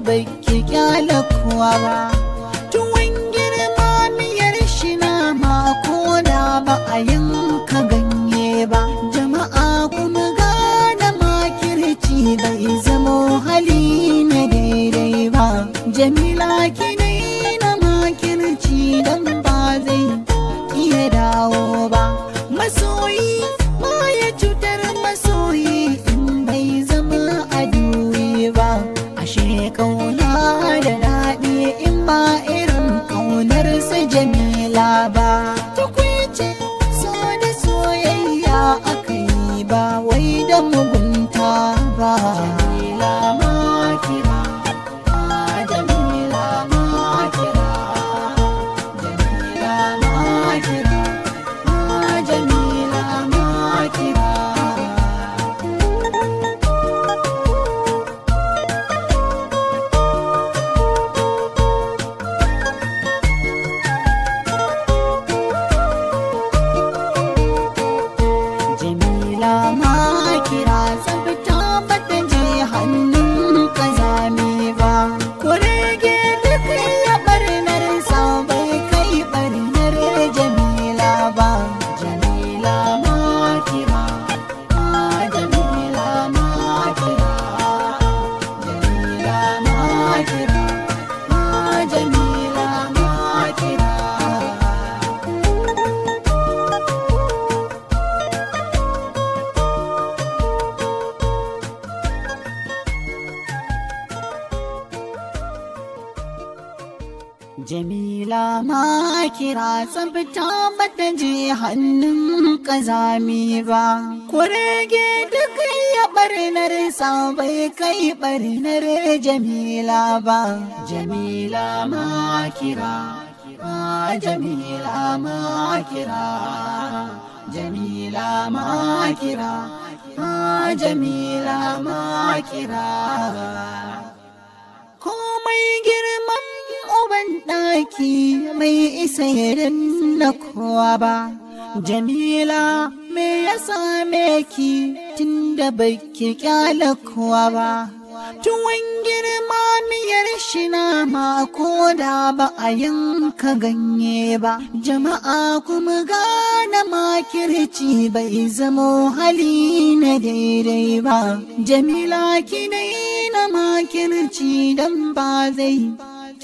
baki kyala kuwa ba tuwon girma miyar shi na mako da ba a yin kauna da daɗi in ma irin kaunar su jamila ba Tukwice so da soyayya aka yi ba wai da mugunta ba jamila ma kira jamila ma kira jamila ma kira na kira tsabta fata je hannun kazami ba kurege duk ya barnar sa bai kai barnar jamila ba jamila ma kira jamila makira, jamila makira. Jamila ma kira tsabta bata je hannun kazami ba, kurege duk ya ɓarnar bai kai barnar Jamila ba, Jamila ma kira, Jamila ma kira, Jamila ma kira, Jamila ma kira. Komai girman banɗaki mai isa irin na kowa ba. Jamila me ya same ki tun da baki kyala kowa ba. Tuwon girma miyar shi na mako da ba a yanka ganye ba, jama'a kuma gane makirci bai zamo hali na daidai ba. Jamila ki na makirci don ba zai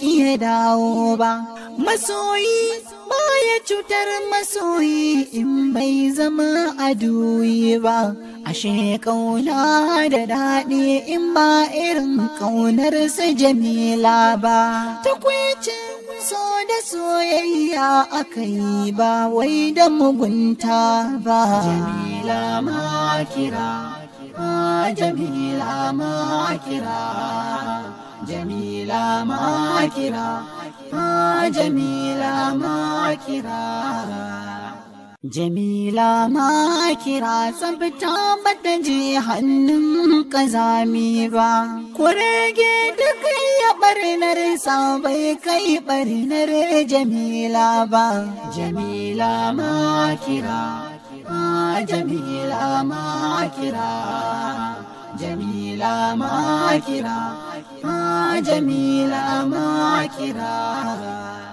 iya dawo ba. Masoyi baya cutar masoyi in bai zama aduyi ba. Ashe ƙauna da daɗi in ba irin kaunar su jamila ba. Takwicin so da soyayya aka yi ba wai da mugunta ba. Jamila ma kira, Jamila ma kira. Jamila ma kira, Jamila ma kira. Jamila ma kira tsabta bata je hannun kazami ba, kurege duk ya barnar sa bai kai ɓarnar Jamila ba. Jamila ma kira, Jamila ma kira, Jamila ma kira, Jamila ma kira.